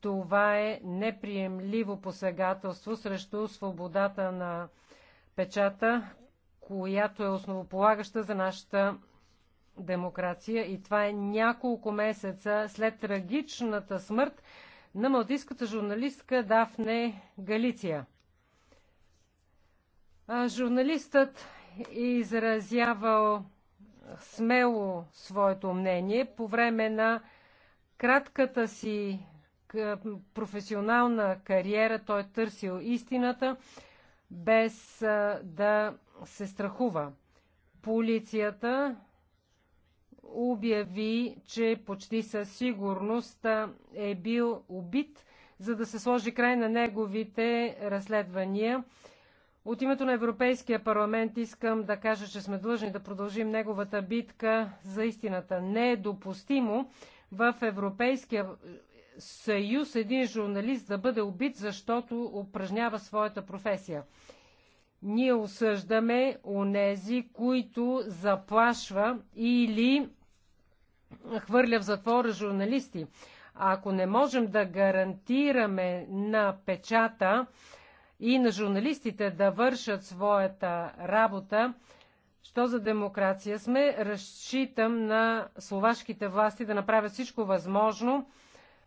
Това е неприемливо посегателство срещу свободата на печата, която е основополагаща за нашата демокрация. И това е няколко месеца след трагичната смърт на малтийската журналистка Дафне Галиция. Журналистът е изразявал смело своето мнение по време на кратката си професионална кариера, той е търсил истината, без да се страхува. Полицията обяви, че почти със сигурност е бил убит, за да се сложи край на неговите разследвания. От името на Европейския парламент искам да кажа, че сме длъжни да продължим неговата битка за истината. Не е допустимо в Европейския съюз един журналист да бъде убит, защото упражнява своята професия. Ние осъждаме онези, които заплашва или хвърля в затвора журналисти. ако не можем да гарантираме на печата и на журналистите да вършат своята работа, що за демокрация сме, разчитам на словашките власти да направят всичко възможно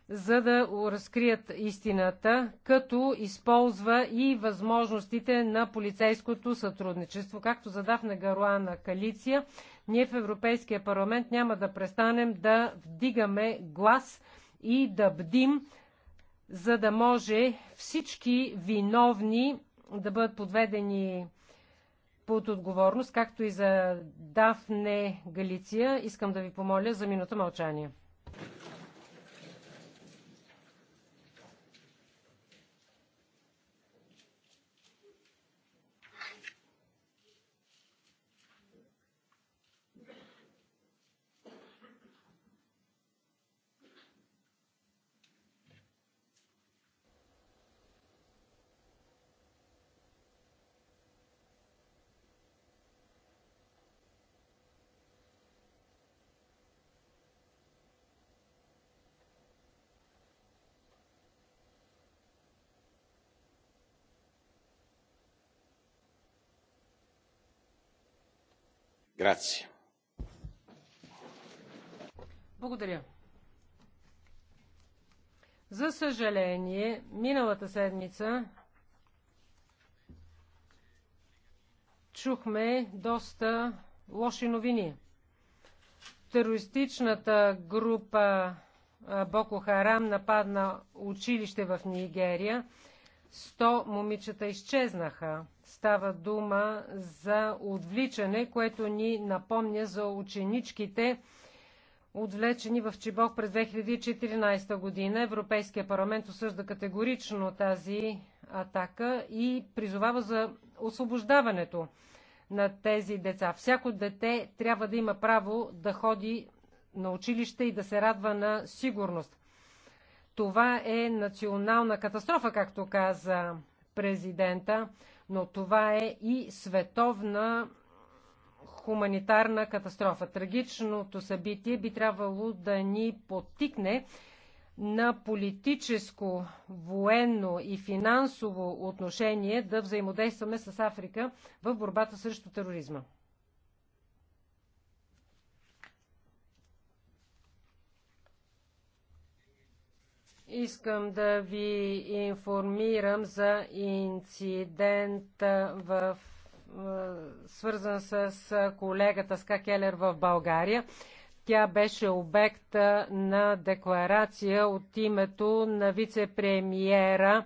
за да разкрият истината, като използва и възможностите на полицейското сътрудничество. Както задав на Гаруана Калиция, ние в Европейския парламент няма да престанем да вдигаме глас и да бдим, за да може всички виновни да бъдат подведени под отговорност, както и за Дафне Галиция. Искам да ви помоля за минута мълчание. Благодаря. За съжаление, миналата седмица чухме доста лоши новини. Терористичната група Боко Харам нападна училище в Нигерия 100 момичета изчезнаха. Става дума за отвличане, което ни напомня за ученичките, отвлечени в Чибок през 2014 година. Европейския парламент осъжда категорично тази атака и призовава за освобождаването на тези деца. Всяко дете трябва да има право да ходи на училище и да се радва на сигурност. Това е национална катастрофа, както каза президента, но това е и световна хуманитарна катастрофа. Трагичното събитие би трябвало да ни потикне на политическо, военно и финансово отношение да взаимодействаме с Африка в борбата срещу тероризма. Искам да ви информирам за инцидент в, свързан с колегата Ска Келер в България. Тя беше обект на декларация от името на вице-премьера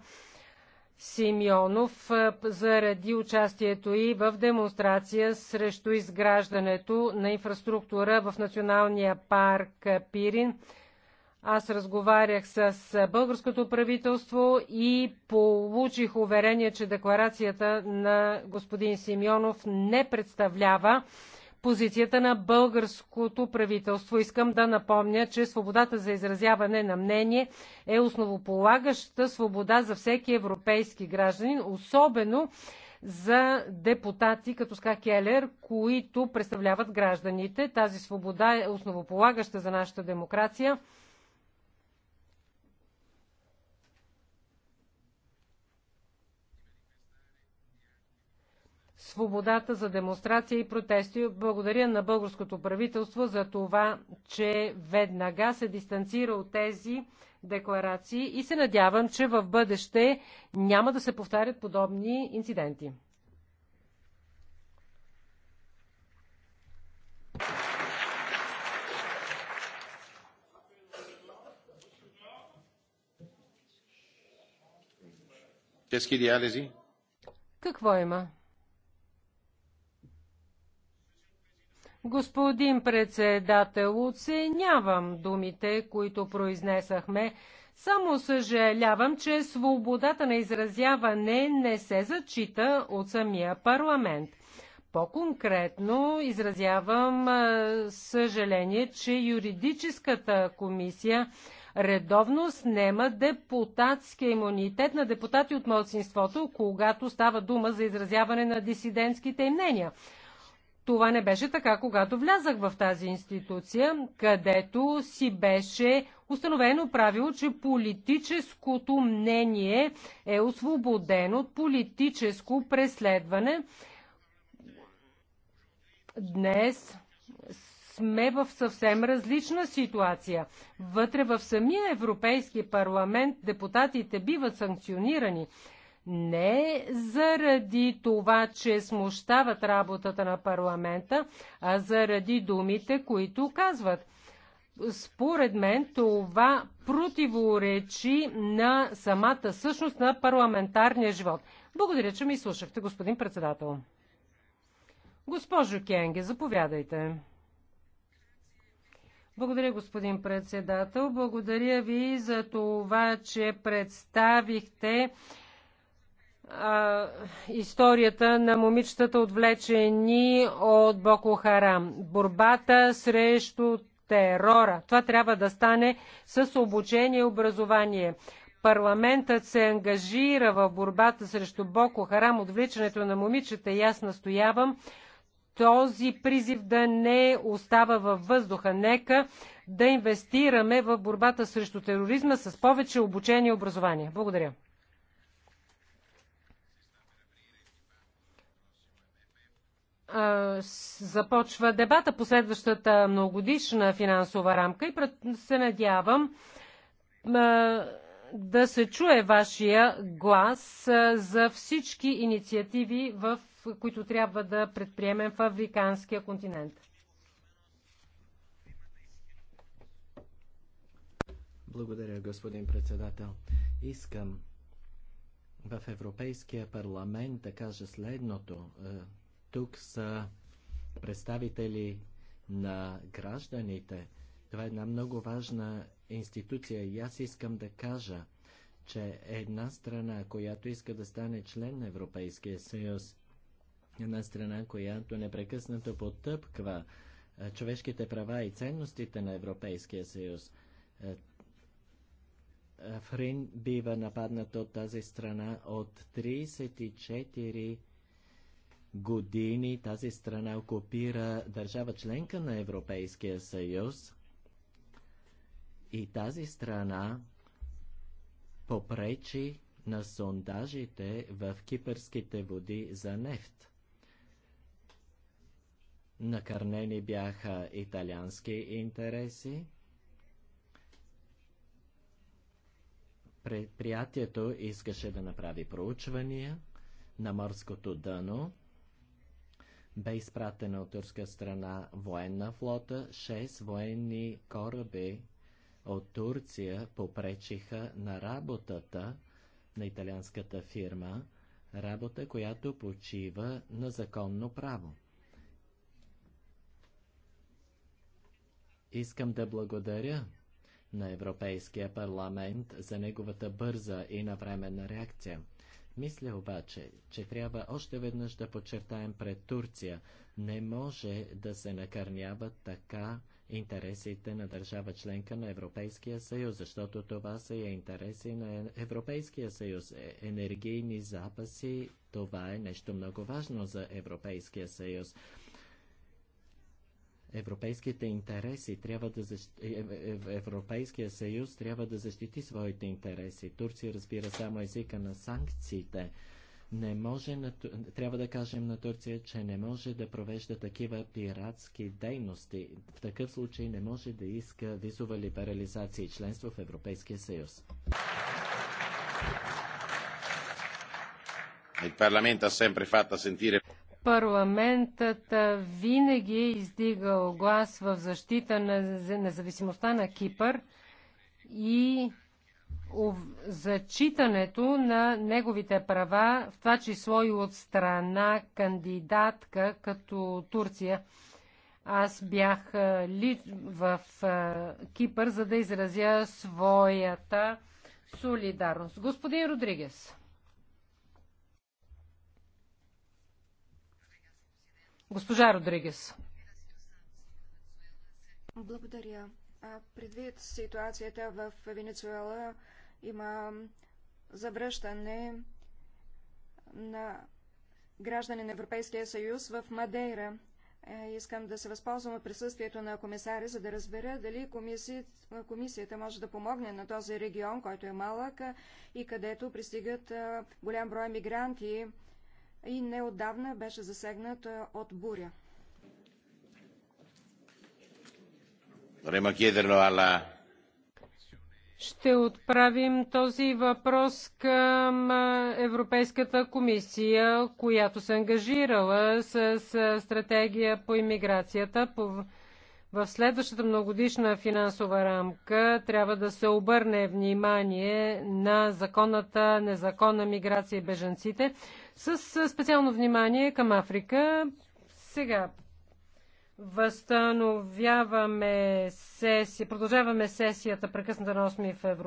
Симеонов заради участието и в демонстрация срещу изграждането на инфраструктура в Националния парк Пирин аз разговарях с българското правителство и получих уверение, че декларацията на господин Симеонов не представлява позицията на българското правителство. Искам да напомня, че свободата за изразяване на мнение е основополагаща свобода за всеки европейски гражданин, особено за депутати като Ска Келер, които представляват гражданите. Тази свобода е основополагаща за нашата демокрация. свободата за демонстрация и протести. Благодаря на българското правителство за това, че веднага се дистанцира от тези декларации и се надявам, че в бъдеще няма да се повтарят подобни инциденти. Какво има? Господин председател, оценявам думите, които произнесахме. Само съжалявам, че свободата на изразяване не се зачита от самия парламент. По-конкретно изразявам съжаление, че юридическата комисия редовно снема депутатския имунитет на депутати от младсинството, когато става дума за изразяване на дисидентските мнения. Това не беше така, когато влязах в тази институция, където си беше установено правило, че политическото мнение е освободено от политическо преследване. Днес сме в съвсем различна ситуация. Вътре в самия Европейски парламент депутатите биват санкционирани не заради това, че смущават работата на парламента, а заради думите, които казват. Според мен това противоречи на самата същност на парламентарния живот. Благодаря, че ми слушахте, господин председател. Госпожо Кенге, заповядайте. Благодаря, господин председател. Благодаря ви за това, че представихте а, историята на момичетата отвлечени от Боко Харам. Борбата срещу терора. Това трябва да стане с обучение и образование. Парламентът се ангажира в борбата срещу Боко Харам, отвличането на момичета и аз настоявам този призив да не остава във въздуха. Нека да инвестираме в борбата срещу тероризма с повече обучение и образование. Благодаря. започва дебата по следващата многогодишна финансова рамка и се надявам да се чуе вашия глас за всички инициативи, в които трябва да предприемем в Африканския континент. Благодаря, господин председател. Искам в Европейския парламент да кажа следното. Е, тук са представители на гражданите. Това е една много важна институция и аз искам да кажа, че една страна, която иска да стане член на Европейския съюз, една страна, която непрекъснато потъпква е, човешките права и ценностите на Европейския съюз, е, бива нападнат от тази страна от 34 години тази страна окупира държава членка на Европейския съюз и тази страна попречи на сондажите в кипърските води за нефт. Накърнени бяха италиански интереси. Предприятието искаше да направи проучвания на морското дъно бе изпратена от турска страна военна флота, 6 военни кораби от Турция попречиха на работата на италианската фирма, работа, която почива на законно право. Искам да благодаря на Европейския парламент за неговата бърза и навременна реакция. Мисля обаче, че трябва още веднъж да подчертаем пред Турция. Не може да се накърняват така интересите на държава членка на Европейския съюз, защото това са и интереси на Европейския съюз. Е, енергийни запаси, това е нещо много важно за Европейския съюз. Европейските интереси трябва да защити, е, е, е, Европейския съюз трябва да защити своите интереси. Турция разбира само езика на санкциите. Не може на, трябва да кажем на Турция, че не може да провежда такива пиратски дейности. В такъв случай не може да иска визова либерализация и членство в Европейския съюз. Il Parlamento ha sempre fatto sentire Парламентът винаги е издигал глас в защита на независимостта на Кипър и зачитането на неговите права, в това число и от страна кандидатка като Турция. Аз бях ли в Кипър, за да изразя своята солидарност. Господин Родригес. Госпожа Родригес. Благодаря. Предвид ситуацията в Венецуела има завръщане на граждани на Европейския съюз в Мадейра. Е, искам да се възползвам от присъствието на комисаря, за да разбера дали комисия, комисията може да помогне на този регион, който е малък и където пристигат голям брой мигранти и неодавна беше засегнат е, от буря. Ще отправим този въпрос към е, Европейската комисия, която се ангажирала с е, стратегия по иммиграцията. По в следващата многодишна финансова рамка трябва да се обърне внимание на законната, незаконна миграция и беженците с специално внимание към Африка. Сега възстановяваме сесия, продължаваме сесията прекъсната на 8 февруари.